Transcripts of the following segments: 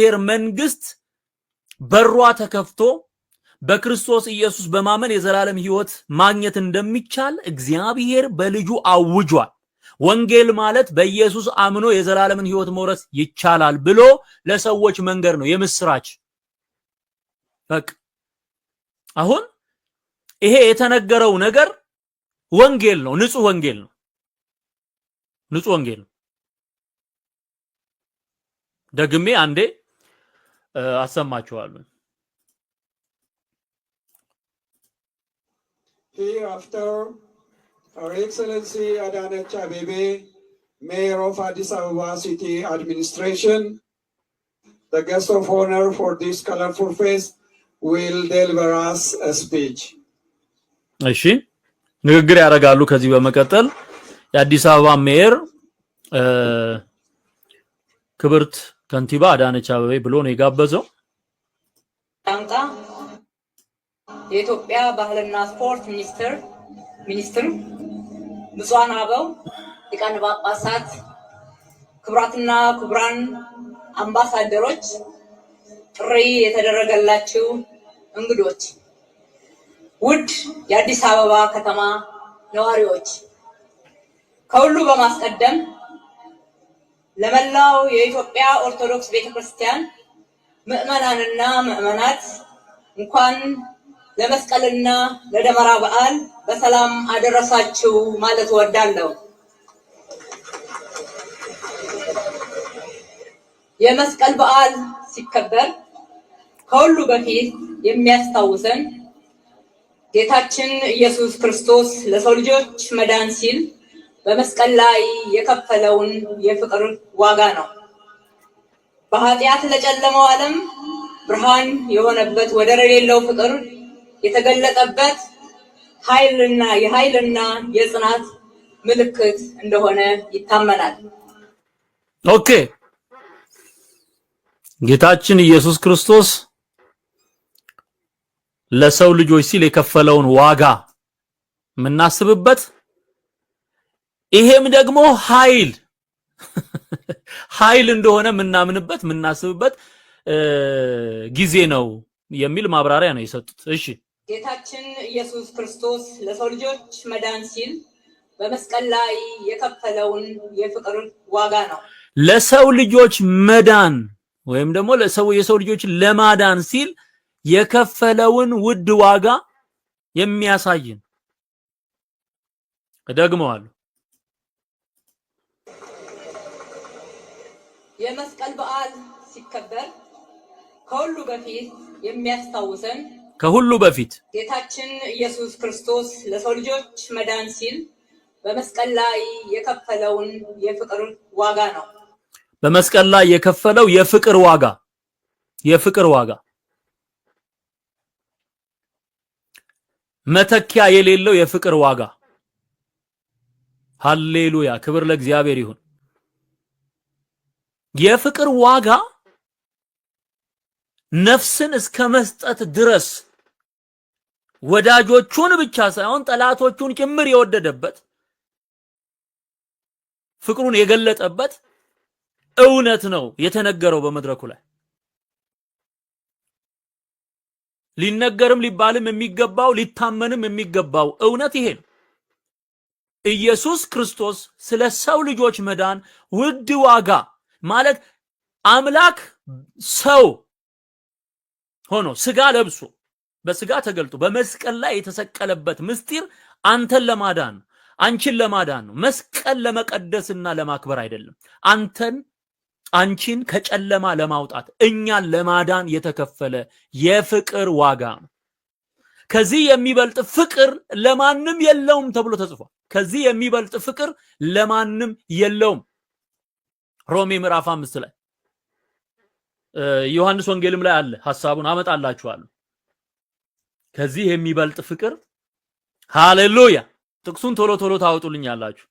የእግዚአብሔር መንግስት በሯ ተከፍቶ በክርስቶስ ኢየሱስ በማመን የዘላለም ህይወት ማግኘት እንደሚቻል እግዚአብሔር በልጁ አውጇል። ወንጌል ማለት በኢየሱስ አምኖ የዘላለምን ህይወት መውረስ ይቻላል ብሎ ለሰዎች መንገር ነው፣ የምስራች። በቃ አሁን ይሄ የተነገረው ነገር ወንጌል ነው፣ ንጹህ ወንጌል ነው፣ ንጹህ ወንጌል ነው። ደግሜ አንዴ አሰማችኋለሁ። አዳነች አቤቤ ሜየር ኦፍ አዲስ አበባ ሲቲ አድሚኒስትሬሽን ገስት ኦፍ ኦነር ፎር ዲስ ከለርፉል ፌስት ዊል ዴሊቨር አስ ስፒች። እሺ ንግግር ያደርጋሉ። ከዚህ በመቀጠል የአዲስ አበባ ሜየር ክብርት ከንቲባ አዳነች አበቤ ብሎ ነው የጋበዘው። ዳምጣ የኢትዮጵያ ባህልና ስፖርት ሚኒስትር ሚኒስትር ብፁዓን አበው ሊቃነ ጳጳሳት፣ ክቡራትና ክቡራን አምባሳደሮች፣ ጥሪ የተደረገላችሁ እንግዶች፣ ውድ የአዲስ አበባ ከተማ ነዋሪዎች ከሁሉ በማስቀደም ለመላው የኢትዮጵያ ኦርቶዶክስ ቤተክርስቲያን ምዕመናንና ምዕመናት እንኳን ለመስቀልና ለደመራ በዓል በሰላም አደረሳችሁ ማለት እወዳለሁ። የመስቀል በዓል ሲከበር ከሁሉ በፊት የሚያስታውሰን ጌታችን ኢየሱስ ክርስቶስ ለሰው ልጆች መዳን ሲል በመስቀል ላይ የከፈለውን የፍቅር ዋጋ ነው። በኃጢአት ለጨለመው ዓለም ብርሃን የሆነበት ወደር የሌለው ፍቅር የተገለጠበት ኃይልና የኃይልና የጽናት ምልክት እንደሆነ ይታመናል። ኦኬ ጌታችን ኢየሱስ ክርስቶስ ለሰው ልጆች ሲል የከፈለውን ዋጋ የምናስብበት ይሄም ደግሞ ኃይል ኃይል እንደሆነ የምናምንበት የምናስብበት ጊዜ ነው የሚል ማብራሪያ ነው የሰጡት። እሺ ጌታችን ኢየሱስ ክርስቶስ ለሰው ልጆች መዳን ሲል በመስቀል ላይ የከፈለውን የፍቅር ዋጋ ነው። ለሰው ልጆች መዳን ወይም ደግሞ ለሰው የሰው ልጆች ለማዳን ሲል የከፈለውን ውድ ዋጋ የሚያሳይ ነው። የመስቀል በዓል ሲከበር ከሁሉ በፊት የሚያስታውሰን ከሁሉ በፊት ጌታችን ኢየሱስ ክርስቶስ ለሰው ልጆች መዳን ሲል በመስቀል ላይ የከፈለውን የፍቅር ዋጋ ነው። በመስቀል ላይ የከፈለው የፍቅር ዋጋ የፍቅር ዋጋ መተኪያ የሌለው የፍቅር ዋጋ። ሃሌሉያ! ክብር ለእግዚአብሔር ይሁን። የፍቅር ዋጋ ነፍስን እስከ መስጠት ድረስ ወዳጆቹን ብቻ ሳይሆን ጠላቶቹን ጭምር የወደደበት ፍቅሩን የገለጠበት እውነት ነው የተነገረው በመድረኩ ላይ ሊነገርም ሊባልም የሚገባው ሊታመንም የሚገባው እውነት ይሄ ነው። ኢየሱስ ክርስቶስ ስለ ሰው ልጆች መዳን ውድ ዋጋ ማለት አምላክ ሰው ሆኖ ስጋ ለብሶ በስጋ ተገልጦ በመስቀል ላይ የተሰቀለበት ምስጢር አንተን ለማዳን ነው፣ አንቺን ለማዳን ነው። መስቀል ለመቀደስና ለማክበር አይደለም። አንተን አንቺን ከጨለማ ለማውጣት እኛን ለማዳን የተከፈለ የፍቅር ዋጋ ነው። ከዚህ የሚበልጥ ፍቅር ለማንም የለውም ተብሎ ተጽፏል። ከዚህ የሚበልጥ ፍቅር ለማንም የለውም። ሮሜ ምዕራፍ አምስት ላይ ዮሐንስ ወንጌልም ላይ አለ። ሐሳቡን አመጣላችኋለሁ። ከዚህ የሚበልጥ ፍቅር ሃሌሉያ። ጥቅሱን ቶሎ ቶሎ ታወጡልኛላችሁ።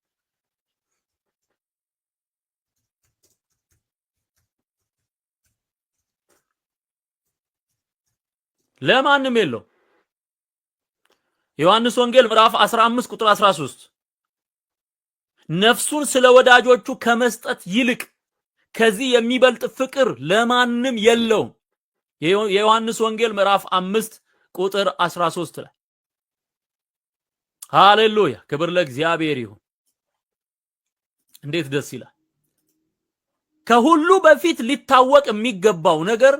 ለማንም የለው። ዮሐንስ ወንጌል ምዕራፍ 15 ቁጥር 13 ነፍሱን ስለ ወዳጆቹ ከመስጠት ይልቅ ከዚህ የሚበልጥ ፍቅር ለማንም የለውም። የዮሐንስ ወንጌል ምዕራፍ አምስት ቁጥር 13 ላይ ሃሌሉያ፣ ክብር ለእግዚአብሔር ይሁን። እንዴት ደስ ይላል! ከሁሉ በፊት ሊታወቅ የሚገባው ነገር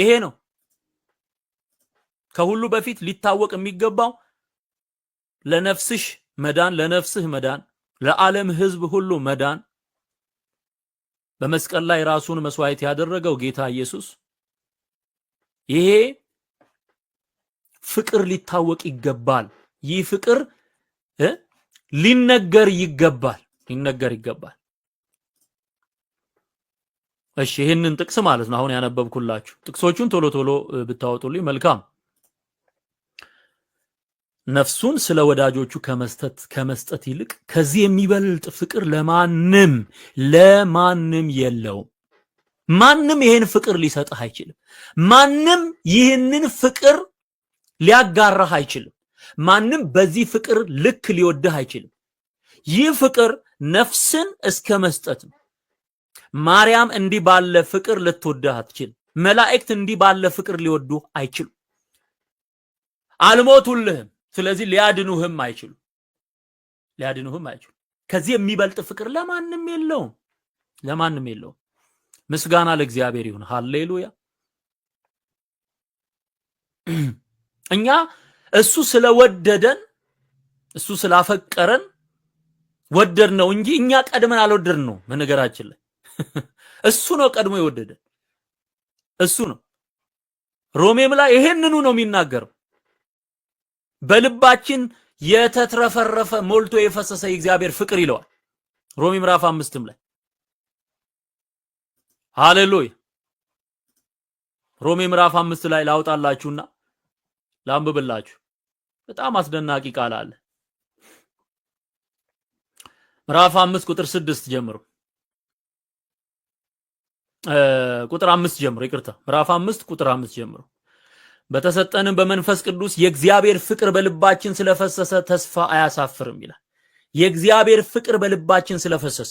ይሄ ነው። ከሁሉ በፊት ሊታወቅ የሚገባው ለነፍስሽ መዳን፣ ለነፍስህ መዳን፣ ለዓለም ህዝብ ሁሉ መዳን በመስቀል ላይ ራሱን መስዋዕት ያደረገው ጌታ ኢየሱስ ይሄ ፍቅር ሊታወቅ ይገባል። ይህ ፍቅር ሊነገር ይገባል፣ ሊነገር ይገባል። እሺ ይህንን ጥቅስ ማለት ነው አሁን ያነበብኩላችሁ። ጥቅሶቹን ቶሎ ቶሎ ብታወጡልኝ መልካም ነፍሱን ስለ ወዳጆቹ ከመስጠት ይልቅ ከዚህ የሚበልጥ ፍቅር ለማንም ለማንም የለውም። ማንም ይሄን ፍቅር ሊሰጥህ አይችልም። ማንም ይህንን ፍቅር ሊያጋራህ አይችልም። ማንም በዚህ ፍቅር ልክ ሊወድህ አይችልም። ይህ ፍቅር ነፍስን እስከ መስጠት ነው። ማርያም እንዲህ ባለ ፍቅር ልትወድህ አትችልም። መላእክት እንዲህ ባለ ፍቅር ሊወዱህ አይችሉም። አልሞቱልህም። ስለዚህ ሊያድኑህም አይችሉ ሊያድኑህም አይችሉ። ከዚህ የሚበልጥ ፍቅር ለማንም የለውም፣ ለማንም የለውም። ምስጋና ለእግዚአብሔር ይሁን። ሃሌሉያ። እኛ እሱ ስለወደደን እሱ ስላፈቀረን ወደድ ነው እንጂ እኛ ቀድመን አልወደድ ነው። በነገራችን ላይ እሱ ነው ቀድሞ የወደደን፣ እሱ ነው። ሮሜም ላይ ይሄንኑ ነው የሚናገረው። በልባችን የተትረፈረፈ ሞልቶ የፈሰሰ የእግዚአብሔር ፍቅር ይለዋል ሮሚ ምዕራፍ አምስትም ላይ ሃሌሉያ። ሮሜ ምዕራፍ አምስት ላይ ላውጣላችሁና ላንብብላችሁ። በጣም አስደናቂ ቃል አለ። ምዕራፍ አምስት ቁጥር ስድስት ጀምሮ ቁጥር አምስት ጀምሮ ይቅርታ፣ ምዕራፍ አምስት ቁጥር አምስት ጀምሮ በተሰጠንም በመንፈስ ቅዱስ የእግዚአብሔር ፍቅር በልባችን ስለፈሰሰ ተስፋ አያሳፍርም ይላል። የእግዚአብሔር ፍቅር በልባችን ስለፈሰሰ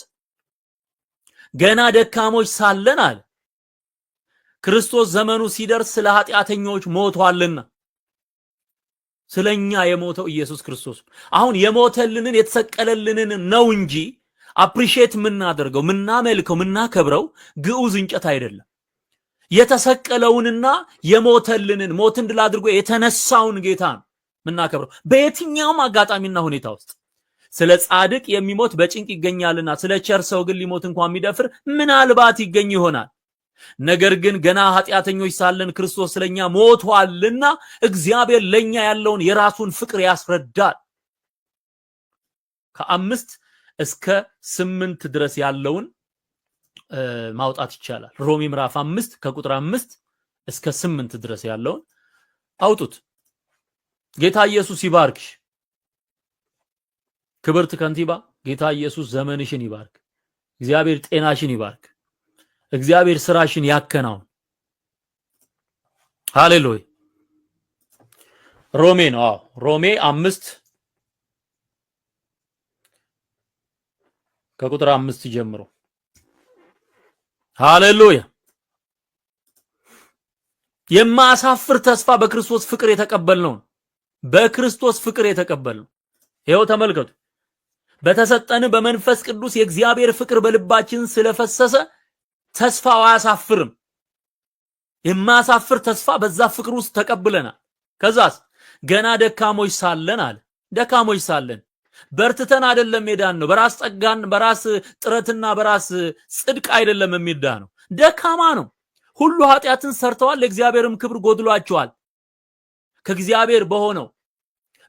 ገና ደካሞች ሳለን አለ ክርስቶስ ዘመኑ ሲደርስ ስለ ኃጢአተኞች ሞቷልና ስለኛ የሞተው ኢየሱስ ክርስቶስ አሁን የሞተልንን የተሰቀለልንን ነው እንጂ አፕሪሼት የምናደርገው ምናመልከው ምናከብረው ግዑዝ እንጨት አይደለም። የተሰቀለውንና የሞተልንን ሞትን ድል አድርጎ የተነሳውን ጌታ ነው የምናከብረው በየትኛውም አጋጣሚና ሁኔታ ውስጥ። ስለ ጻድቅ የሚሞት በጭንቅ ይገኛልና ስለ ቸር ሰው ግን ሊሞት እንኳን የሚደፍር ምናልባት ይገኝ ይሆናል። ነገር ግን ገና ኃጢአተኞች ሳለን ክርስቶስ ስለኛ ሞቷልና እግዚአብሔር ለኛ ያለውን የራሱን ፍቅር ያስረዳል። ከአምስት እስከ ስምንት ድረስ ያለውን ማውጣት ይቻላል። ሮሚ ምዕራፍ አምስት ከቁጥር አምስት እስከ ስምንት ድረስ ያለውን አውጡት። ጌታ ኢየሱስ ይባርክሽ። ክብርት ከንቲባ ጌታ ኢየሱስ ዘመንሽን ይባርክ። እግዚአብሔር ጤናሽን ይባርክ። እግዚአብሔር ስራሽን ያከናውን። ሃሌሉይ። ሮሜ ነው። አዎ ሮሜ አምስት ከቁጥር አምስት ጀምሮ ሃሌሉያ። የማያሳፍር ተስፋ በክርስቶስ ፍቅር የተቀበልነው ነው። በክርስቶስ ፍቅር የተቀበልነው ይኸው ተመልከቱ። በተሰጠን በመንፈስ ቅዱስ የእግዚአብሔር ፍቅር በልባችን ስለፈሰሰ ተስፋው አያሳፍርም። የማያሳፍር ተስፋ በዛ ፍቅር ውስጥ ተቀብለናል። ከዛስ ገና ደካሞች ሳለን አለ ደካሞች ሳለን በርትተን አይደለም የዳን ነው። በራስ ጸጋን በራስ ጥረትና በራስ ጽድቅ አይደለም የሚዳ ነው። ደካማ ነው። ሁሉ ኃጢአትን ሰርተዋል፣ ለእግዚአብሔርም ክብር ጎድሏቸዋል። ከእግዚአብሔር በሆነው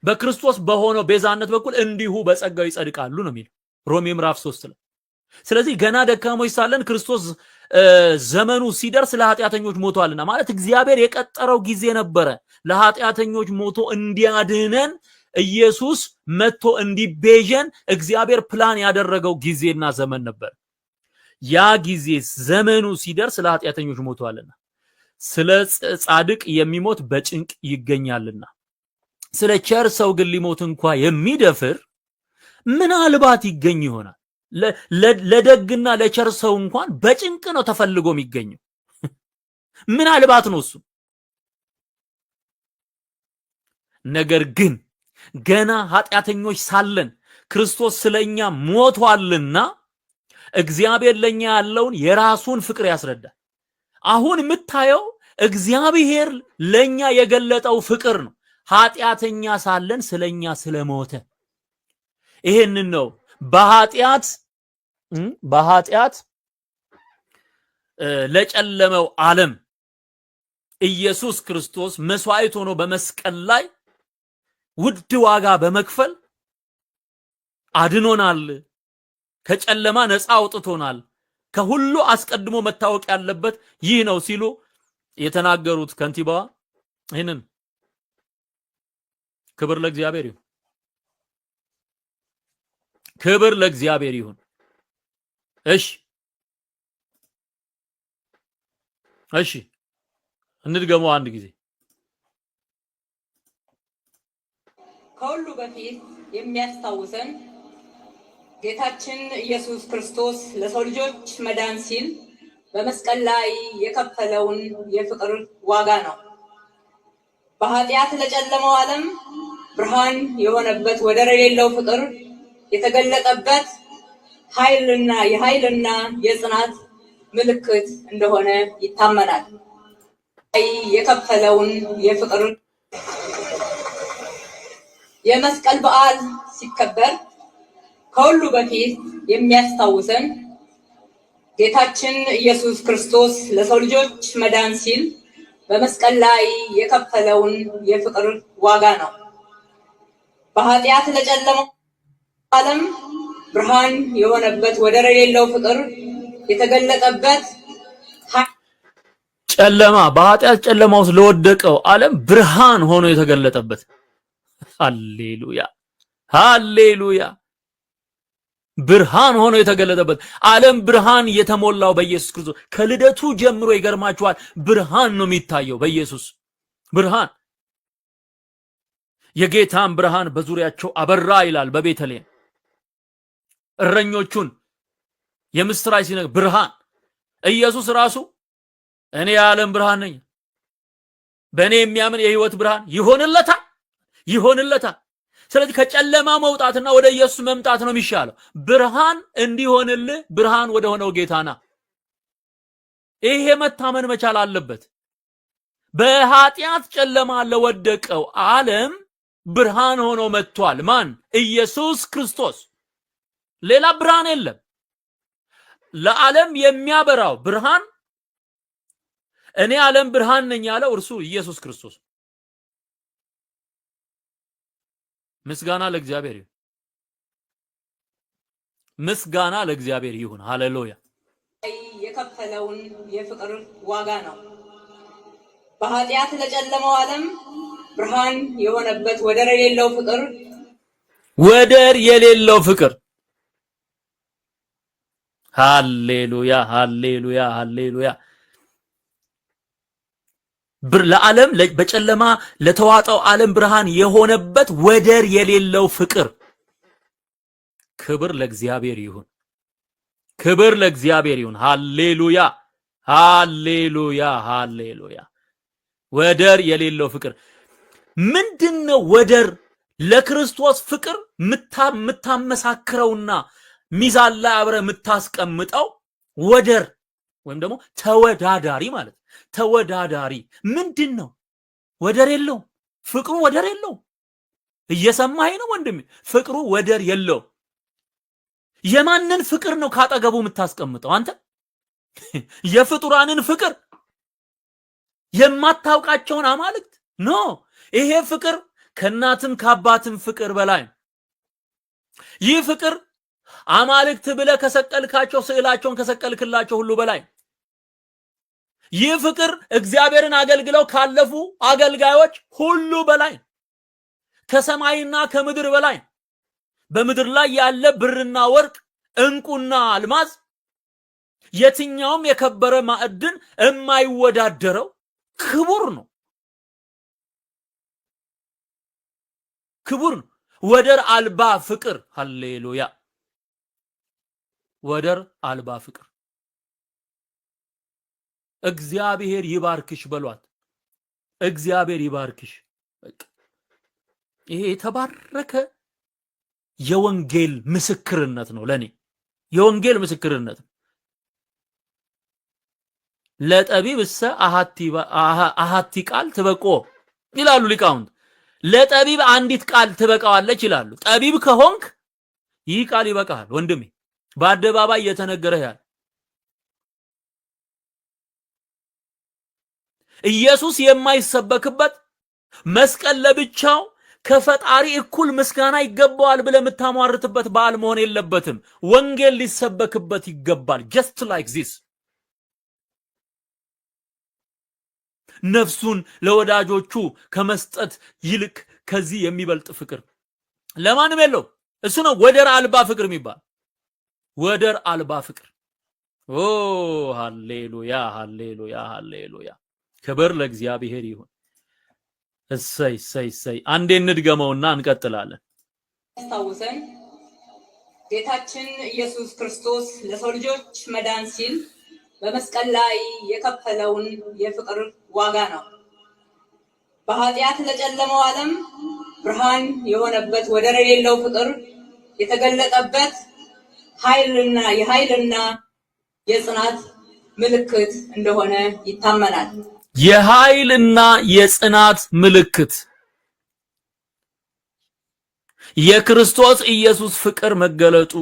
በክርስቶስ በሆነው ቤዛነት በኩል እንዲሁ በጸጋው ይጸድቃሉ ነው የሚለው ሮሜ ምዕራፍ 3 ላይ። ስለዚህ ገና ደካሞች ሳለን ክርስቶስ ዘመኑ ሲደርስ ለኃጢአተኞች ሞቷልና ማለት እግዚአብሔር የቀጠረው ጊዜ ነበረ ለኃጢአተኞች ሞቶ እንዲያድነን ኢየሱስ መጥቶ እንዲቤዠን እግዚአብሔር ፕላን ያደረገው ጊዜና ዘመን ነበር። ያ ጊዜ ዘመኑ ሲደርስ ለኃጢአተኞች ሞቷልና፣ ስለ ጻድቅ የሚሞት በጭንቅ ይገኛልና፣ ስለ ቸር ሰው ግን ሊሞት እንኳ የሚደፍር ምናልባት ይገኝ ይሆናል። ለደግና ለቸር ሰው እንኳን በጭንቅ ነው ተፈልጎ የሚገኘው። ምናልባት ነው እሱ ነገር ግን ገና ኃጢአተኞች ሳለን ክርስቶስ ስለኛ ሞቷልና እግዚአብሔር ለኛ ያለውን የራሱን ፍቅር ያስረዳል። አሁን የምታየው እግዚአብሔር ለኛ የገለጠው ፍቅር ነው። ኃጢአተኛ ሳለን ስለኛ ስለሞተ ይሄንን ነው በኃጢአት በኃጢአት ለጨለመው ዓለም ኢየሱስ ክርስቶስ መስዋዕት ሆኖ በመስቀል ላይ ውድ ዋጋ በመክፈል አድኖናል። ከጨለማ ነፃ አውጥቶናል። ከሁሉ አስቀድሞ መታወቅ ያለበት ይህ ነው ሲሉ የተናገሩት ከንቲባዋ ይህንን ክብር ለእግዚአብሔር ይሁን፣ ክብር ለእግዚአብሔር ይሁን። እሺ እሺ፣ እንድገመው አንድ ጊዜ ከሁሉ በፊት የሚያስታውሰን ጌታችን ኢየሱስ ክርስቶስ ለሰው ልጆች መዳን ሲል በመስቀል ላይ የከፈለውን የፍቅር ዋጋ ነው። በኃጢአት ለጨለመው ዓለም ብርሃን የሆነበት ወደር የሌለው ፍቅር የተገለጠበት ኃይልና የኃይልና የጽናት ምልክት እንደሆነ ይታመናል። የከፈለውን የፍቅር የመስቀል በዓል ሲከበር ከሁሉ በፊት የሚያስታውሰን ጌታችን ኢየሱስ ክርስቶስ ለሰው ልጆች መዳን ሲል በመስቀል ላይ የከፈለውን የፍቅር ዋጋ ነው። በኃጢአት ለጨለመው ዓለም ብርሃን የሆነበት ወደር የሌለው ፍቅር የተገለጠበት ጨለማ በኃጢአት ጨለማ ውስጥ ለወደቀው ዓለም ብርሃን ሆኖ የተገለጠበት ሃሌሉያ ሃሌሉያ ብርሃን ሆኖ የተገለጠበት ዓለም ብርሃን የተሞላው በኢየሱስ ክርስቶስ ከልደቱ ጀምሮ ይገርማችኋል፣ ብርሃን ነው የሚታየው በኢየሱስ ብርሃን። የጌታን ብርሃን በዙሪያቸው አበራ ይላል። በቤተልሔም እረኞቹን የምስራች ሲነግር ብርሃን ኢየሱስ ራሱ እኔ የዓለም ብርሃን ነኝ፣ በእኔ የሚያምን የህይወት ብርሃን ይሆንለታል ይሆንለታል። ስለዚህ ከጨለማ መውጣትና ወደ ኢየሱስ መምጣት ነው የሚሻለው። ብርሃን እንዲሆንልህ ብርሃን ወደ ሆነው ጌታና ይሄ መታመን መቻል አለበት። በኃጢአት ጨለማ ለወደቀው ዓለም ብርሃን ሆኖ መጥቷል። ማን? ኢየሱስ ክርስቶስ። ሌላ ብርሃን የለም። ለዓለም የሚያበራው ብርሃን እኔ ዓለም ብርሃን ነኝ ያለው እርሱ ኢየሱስ ክርስቶስ ምስጋና ለእግዚአብሔር ይሁን። ምስጋና ለእግዚአብሔር ይሁን። ሃሌሉያ። የከፈለውን የፍቅር ዋጋ ነው። በኃጢአት ለጨለመው ዓለም ብርሃን የሆነበት ወደር የሌለው ፍቅር ወደር የሌለው ፍቅር። ሃሌሉያ፣ ሃሌሉያ፣ ሃሌሉያ። ለዓለም በጨለማ ለተዋጠው ዓለም ብርሃን የሆነበት ወደር የሌለው ፍቅር። ክብር ለእግዚአብሔር ይሁን፣ ክብር ለእግዚአብሔር ይሁን። ሃሌሉያ፣ ሃሌሉያ፣ ሃሌሉያ። ወደር የሌለው ፍቅር ምንድን ነው? ወደር ለክርስቶስ ፍቅር የምታመሳክረውና ሚዛን ላይ አብረ የምታስቀምጠው ወደር ወይም ደግሞ ተወዳዳሪ ማለት ነው። ተወዳዳሪ ምንድን ነው? ወደር የለው ፍቅሩ ወደር የለው። እየሰማኸኝ ነው ወንድሜ? ፍቅሩ ወደር የለው። የማንን ፍቅር ነው ካጠገቡ የምታስቀምጠው አንተ? የፍጡራንን ፍቅር የማታውቃቸውን አማልክት ኖ። ይሄ ፍቅር ከእናትም ከአባትም ፍቅር በላይ ይህ ፍቅር አማልክት ብለህ ከሰቀልካቸው ስዕላቸውን ከሰቀልክላቸው ሁሉ በላይ ይህ ፍቅር እግዚአብሔርን አገልግለው ካለፉ አገልጋዮች ሁሉ በላይ ከሰማይና ከምድር በላይ በምድር ላይ ያለ ብርና ወርቅ እንቁና አልማዝ የትኛውም የከበረ ማዕድን የማይወዳደረው ክቡር ነው። ክቡር ነው። ወደር አልባ ፍቅር። ሃሌሉያ! ወደር አልባ ፍቅር እግዚአብሔር ይባርክሽ በሏት። እግዚአብሔር ይባርክሽ። ይሄ የተባረከ የወንጌል ምስክርነት ነው። ለኔ የወንጌል ምስክርነት ነው። ለጠቢብ እሰ አሃቲ ቃል ትበቆ ይላሉ ሊቃውንት። ለጠቢብ አንዲት ቃል ትበቃዋለች ይላሉ። ጠቢብ ከሆንክ ይህ ቃል ይበቃሃል ወንድሜ፣ በአደባባይ እየተነገረ ያለ ኢየሱስ የማይሰበክበት መስቀል ለብቻው ከፈጣሪ እኩል ምስጋና ይገባዋል ብለ የምታሟርትበት በዓል መሆን የለበትም። ወንጌል ሊሰበክበት ይገባል። ጀስት ላይክ ዚስ ነፍሱን ለወዳጆቹ ከመስጠት ይልቅ ከዚህ የሚበልጥ ፍቅር ለማንም የለው። እሱ ነው ወደር አልባ ፍቅር የሚባል ወደር አልባ ፍቅር። ኦ ሃሌሉያ፣ ሃሌሉያ፣ ሃሌሉያ። ክብር ለእግዚአብሔር ይሁን። እሰይ እሰይ እሰይ። አንዴ እንድገመውና እንቀጥላለን። ያስታውሰን ጌታችን ኢየሱስ ክርስቶስ ለሰው ልጆች መዳን ሲል በመስቀል ላይ የከፈለውን የፍቅር ዋጋ ነው። በኃጢአት ለጨለመው ዓለም ብርሃን የሆነበት ወደር የሌለው ፍቅር የተገለጠበት ኃይልና የኃይልና የጽናት ምልክት እንደሆነ ይታመናል። የኃይልና የጽናት ምልክት የክርስቶስ ኢየሱስ ፍቅር መገለጡ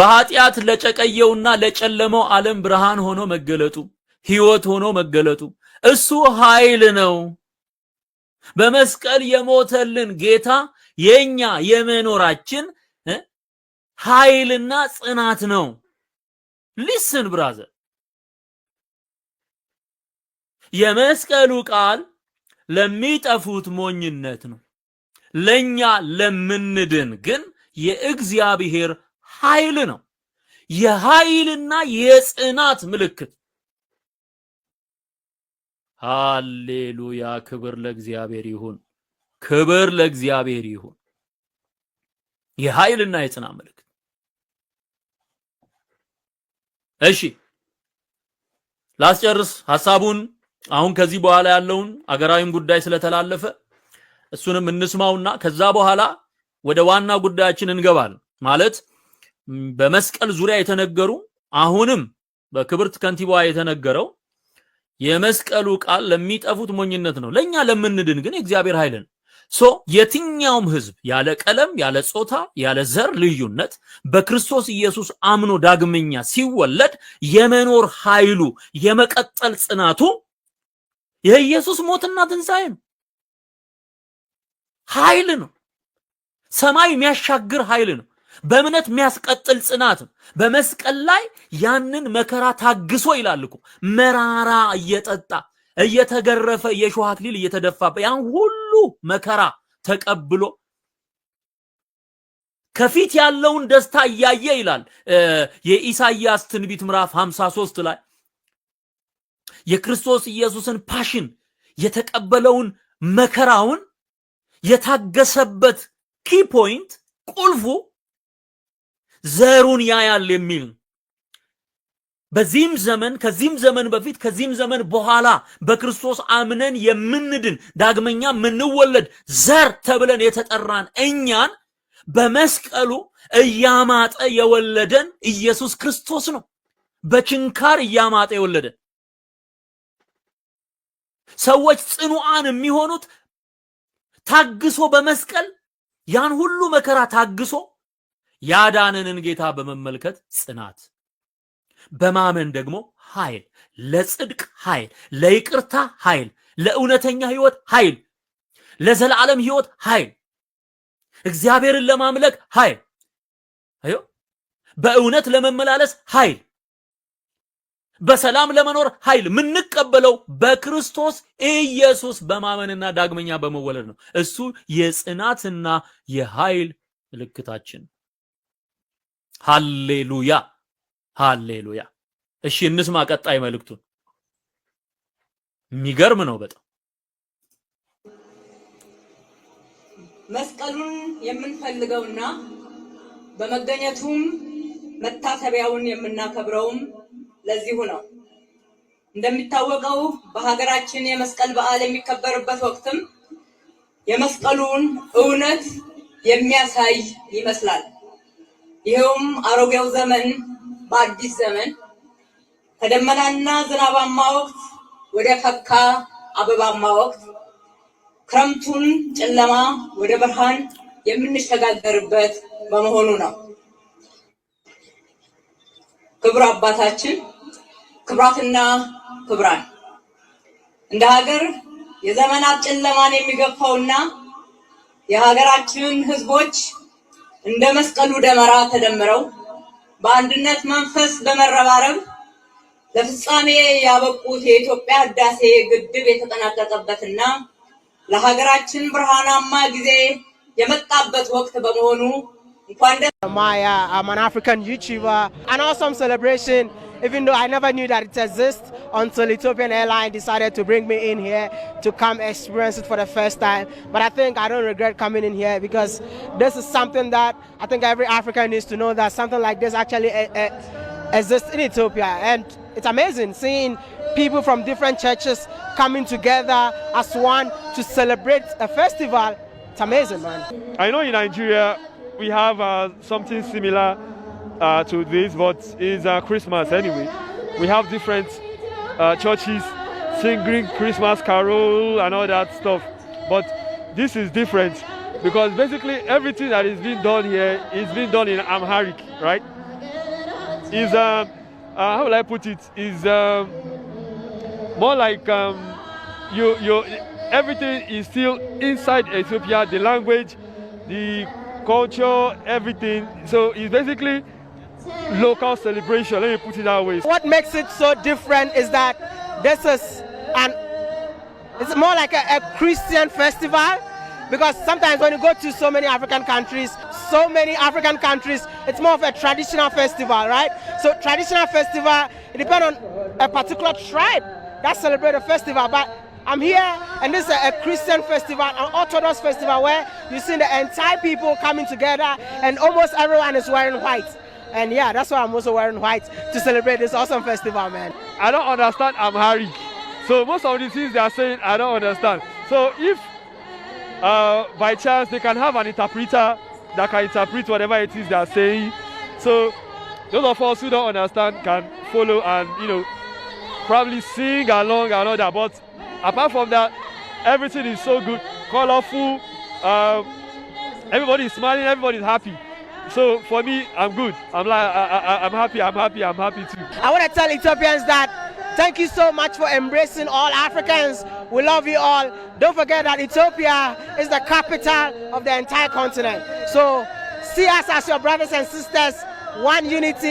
በኃጢአት ለጨቀየውና ለጨለመው ዓለም ብርሃን ሆኖ መገለጡ ሕይወት ሆኖ መገለጡ እሱ ኃይል ነው። በመስቀል የሞተልን ጌታ የኛ የመኖራችን ኃይልና ጽናት ነው። ሊስን ብራዘር የመስቀሉ ቃል ለሚጠፉት ሞኝነት ነው፣ ለኛ ለምንድን ግን የእግዚአብሔር ኃይል ነው። የኃይልና የጽናት ምልክት። ሃሌሉያ! ክብር ለእግዚአብሔር ይሁን፣ ክብር ለእግዚአብሔር ይሁን። የኃይልና የጽናት ምልክት። እሺ ላስጨርስ ሐሳቡን አሁን ከዚህ በኋላ ያለውን አገራዊም ጉዳይ ስለተላለፈ እሱንም እንስማውና ከዛ በኋላ ወደ ዋና ጉዳያችን እንገባል። ማለት በመስቀል ዙሪያ የተነገሩ አሁንም በክብርት ከንቲባዋ የተነገረው የመስቀሉ ቃል ለሚጠፉት ሞኝነት ነው፣ ለኛ ለምንድን ግን የእግዚአብሔር ኃይል ነው። ሶ የትኛውም ህዝብ ያለ ቀለም፣ ያለ ጾታ፣ ያለ ዘር ልዩነት በክርስቶስ ኢየሱስ አምኖ ዳግመኛ ሲወለድ የመኖር ኃይሉ የመቀጠል ጽናቱ የኢየሱስ ሞትና ትንሣኤ ነው። ኃይል ነው። ሰማይ የሚያሻግር ኃይል ነው። በእምነት የሚያስቀጥል ጽናት ነው። በመስቀል ላይ ያንን መከራ ታግሶ ይላል እኮ መራራ እየጠጣ እየተገረፈ የእሾህ አክሊል እየተደፋበት ያን ሁሉ መከራ ተቀብሎ ከፊት ያለውን ደስታ እያየ ይላል የኢሳይያስ ትንቢት ምዕራፍ 53 ላይ የክርስቶስ ኢየሱስን ፓሽን የተቀበለውን መከራውን የታገሰበት ኪ ፖይንት ቁልፉ ዘሩን ያያል የሚል በዚህም ዘመን ከዚህም ዘመን በፊት ከዚህም ዘመን በኋላ በክርስቶስ አምነን የምንድን ዳግመኛ የምንወለድ ዘር ተብለን የተጠራን እኛን በመስቀሉ እያማጠ የወለደን ኢየሱስ ክርስቶስ ነው። በችንካር እያማጠ የወለደን ሰዎች ጽኑዓን የሚሆኑት ታግሶ በመስቀል ያን ሁሉ መከራ ታግሶ ያዳነንን ጌታ በመመልከት ጽናት፣ በማመን ደግሞ ኃይል፣ ለጽድቅ ኃይል፣ ለይቅርታ ኃይል፣ ለእውነተኛ ህይወት ኃይል፣ ለዘላለም ህይወት ኃይል፣ እግዚአብሔርን ለማምለክ ኃይል፣ በእውነት ለመመላለስ ኃይል በሰላም ለመኖር ኃይል የምንቀበለው በክርስቶስ ኢየሱስ በማመንና ዳግመኛ በመወለድ ነው። እሱ የጽናትና የኃይል ምልክታችን። ሃሌሉያ ሃሌሉያ። እሺ እንስማ ቀጣይ መልእክቱን። የሚገርም ነው በጣም መስቀሉን የምንፈልገውና በመገኘቱም መታሰቢያውን የምናከብረውም ለዚሁ ነው። እንደሚታወቀው በሀገራችን የመስቀል በዓል የሚከበርበት ወቅትም የመስቀሉን እውነት የሚያሳይ ይመስላል። ይኸውም አሮጌው ዘመን በአዲስ ዘመን ከደመናና ዝናባማ ወቅት ወደ ፈካ አበባማ ወቅት ክረምቱን ጨለማ ወደ ብርሃን የምንሸጋገርበት በመሆኑ ነው። ክቡር አባታችን ክብራትና ክብራን እንደ ሀገር የዘመናት ጨለማን የሚገፋውና የሀገራችንን ህዝቦች እንደ መስቀሉ ደመራ ተደምረው በአንድነት መንፈስ በመረባረብ ለፍጻሜ ያበቁት የኢትዮጵያ ህዳሴ ግድብ የተጠናቀቀበትና ለሀገራችን ብርሃናማ ጊዜ የመጣበት ወቅት በመሆኑ እንኳን ደስ ማያ አማን አፍሪካን ዩቲዩበር an awesome even though I never knew that it exists until Ethiopian Airline decided to bring me in here to come experience it for the first time. But I think I don't regret coming in here because this is something that I think every African needs to know that something like this actually eh, eh, exists in Ethiopia. And it's amazing seeing people from different churches coming together as one to celebrate a festival. It's amazing, man. I know in Nigeria we have uh, something similar uh, to this, but it's uh, Christmas anyway. We have different uh, churches singing Christmas carol and all that stuff, but this is different because basically everything that is being done here is being done in Amharic, right? Is um, uh, how will I put it? Is um, more like um, you you everything is still inside Ethiopia, the language, the culture, everything. So it's basically local celebration. Let me put it that way. What makes it so different is that this is an it's more like a, a Christian festival because sometimes when you go to so many African countries, so many African countries, it's more of a traditional festival, right? So traditional festival, it depends on a particular tribe that celebrate a festival. But I'm here, and this is a, a Christian festival, an Orthodox festival, where you see the entire people coming together, and almost everyone is wearing white. And yeah, that's why I'm also wearing white to celebrate this awesome festival, man. I don't understand Amharic. So most of the things they are saying, I don't understand. So if uh, by chance they can have an interpreter that can interpret whatever it is they are saying, so those of us who don't understand can follow and you know probably sing along and all that. But apart from that, everything is so good, colorful. Uh, everybody is smiling, everybody is happy. So for me, I'm good. I'm like, I, I, I'm happy. I'm happy. I'm happy too. I want to tell Ethiopians that thank you so much for embracing all Africans. We love you all. Don't forget that Ethiopia is the capital of the entire continent. So see us as your brothers and sisters. ዋን ዩኒቲ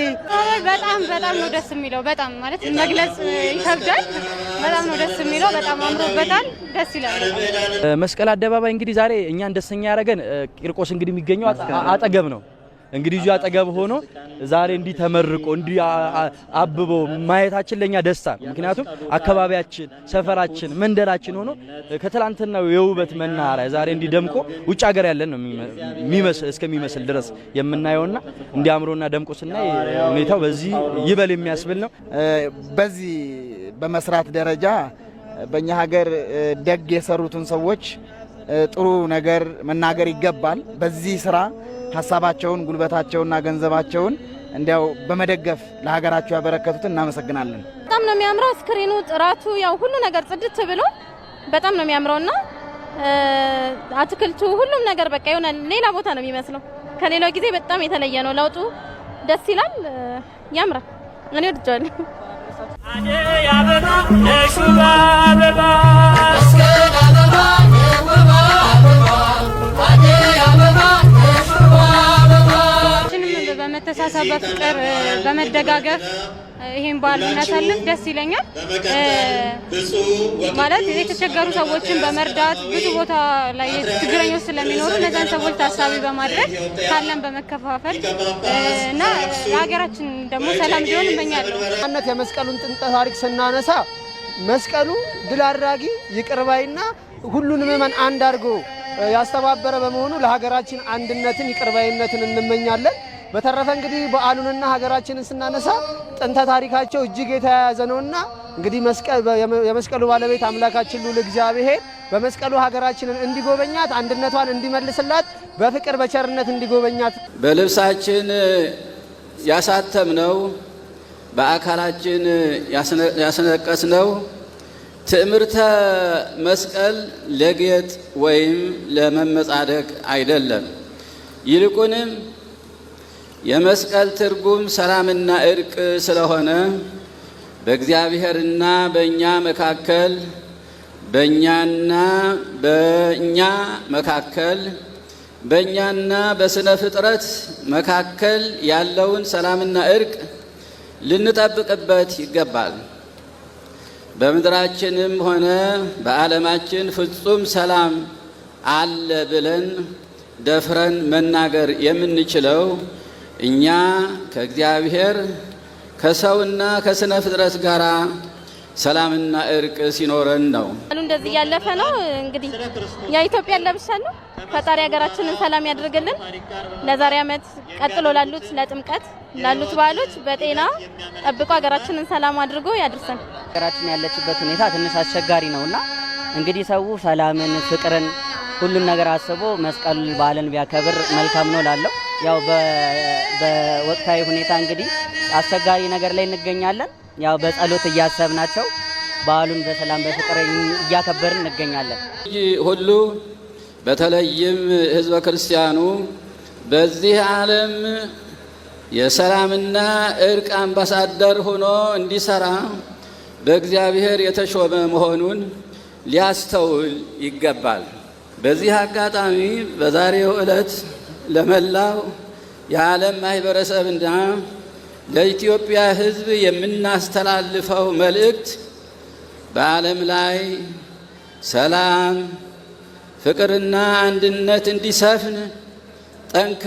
በጣም በጣም ነው ደስ የሚለው። በጣም ማለት መግለጽ ይከብዳል። በጣም ነው ደስ የሚለው። በጣም አምሮበታል። ደስ ይላል። መስቀል አደባባይ እንግዲህ ዛሬ እኛን ደስተኛ ያደረገን ቂርቆስ እንግዲህ የሚገኘው አጠገብ ነው። እንግዲህ እዚሁ አጠገብ ሆኖ ዛሬ እንዲህ ተመርቆ እንዲህ አብቦ ማየታችን ለኛ ደስታ ነው። ምክንያቱም አካባቢያችን፣ ሰፈራችን፣ መንደራችን ሆኖ ከትላንትናው የውበት መናኸሪያ ዛሬ እንዲህ ደምቆ ውጭ ሀገር ያለን ነው እስከሚመስል ድረስ የምናየውና እንዲህ አምሮና ደምቆ ስናይ ሁኔታው በዚህ ይበል የሚያስብል ነው። በዚህ በመስራት ደረጃ በእኛ ሀገር ደግ የሰሩትን ሰዎች ጥሩ ነገር መናገር ይገባል። በዚህ ስራ ሀሳባቸውን፣ ጉልበታቸውና ገንዘባቸውን እንዲያው በመደገፍ ለሀገራቸው ያበረከቱትን እናመሰግናለን። በጣም ነው የሚያምረው ስክሪኑ፣ ጥራቱ፣ ያው ሁሉ ነገር ጽድት ብሎ በጣም ነው የሚያምረው እና አትክልቱ፣ ሁሉም ነገር በቃ የሆነ ሌላ ቦታ ነው የሚመስለው። ከሌላው ጊዜ በጣም የተለየ ነው ለውጡ። ደስ ይላል፣ ያምራል። እኔ ወድጄዋለሁ። አደይ አበባ እስከ አበባ በመተሳሰብ በፍቅር በመደጋገፍ ይሄን በዓል ብናሳልፍ ደስ ይለኛል። ማለት የተቸገሩ ሰዎችን በመርዳት ብዙ ቦታ ላይ ችግረኞች ስለሚኖሩ እነዚያን ሰዎች ታሳቢ በማድረግ ካለን በመከፋፈል እና ለሀገራችን ደግሞ ሰላም እንዲሆን እመኛለሁ። ነት የመስቀሉን ጥንጠ ታሪክ ስናነሳ መስቀሉ ድል አድራጊ ሁሉንም ምዕመን አንድ አድርጎ ያስተባበረ በመሆኑ ለሀገራችን አንድነትን ይቅርባይነትን እንመኛለን። በተረፈ እንግዲህ በዓሉንና ሀገራችንን ስናነሳ ጥንተ ታሪካቸው እጅግ የተያያዘ ነውና እንግዲህ የመስቀሉ ባለቤት አምላካችን ልዑል እግዚአብሔር በመስቀሉ ሀገራችንን እንዲጎበኛት፣ አንድነቷን እንዲመልስላት፣ በፍቅር በቸርነት እንዲጎበኛት በልብሳችን ያሳተምነው በአካላችን ያስነቀስነው ትእምርተ መስቀል ለጌጥ ወይም ለመመጻደቅ አይደለም። ይልቁንም የመስቀል ትርጉም ሰላምና እርቅ ስለሆነ በእግዚአብሔርና በእኛ መካከል በእኛና በእኛ መካከል በእኛና በስነ ፍጥረት መካከል ያለውን ሰላምና እርቅ ልንጠብቅበት ይገባል። በምድራችንም ሆነ በዓለማችን ፍጹም ሰላም አለ ብለን ደፍረን መናገር የምንችለው እኛ ከእግዚአብሔር ከሰውና ከስነ ፍጥረት ጋር ሰላምና እርቅ ሲኖረን ነው። እንደዚህ እያለፈ ነው እንግዲህ ያ ኢትዮጵያን ለብሻለሁ። ፈጣሪ ሀገራችንን ሰላም ያድርግልን። ለዛሬ ዓመት ቀጥሎ ላሉት ለጥምቀት ላሉት በዓሎች በጤና ጠብቆ ሀገራችንን ሰላም አድርጎ ያድርሰን። ሀገራችን ያለችበት ሁኔታ ትንሽ አስቸጋሪ ነውና እንግዲህ ሰው ሰላምን፣ ፍቅርን ሁሉን ነገር አስቦ መስቀል በዓልን ቢያከብር መልካም ነው ላለው ያው በወቅታዊ ሁኔታ እንግዲህ አስቸጋሪ ነገር ላይ እንገኛለን። ያው በጸሎት እያሰብናቸው በዓሉን በሰላም በፍቅር እያከበርን እንገኛለን። ሁሉ በተለይም ህዝበ ክርስቲያኑ በዚህ ዓለም የሰላምና እርቅ አምባሳደር ሆኖ እንዲሰራ በእግዚአብሔር የተሾመ መሆኑን ሊያስተውል ይገባል። በዚህ አጋጣሚ በዛሬው ዕለት ለመላው የዓለም ማኅበረሰብና ለኢትዮጵያ ሕዝብ የምናስተላልፈው መልእክት በዓለም ላይ ሰላም፣ ፍቅርና አንድነት እንዲሰፍን ጠንክር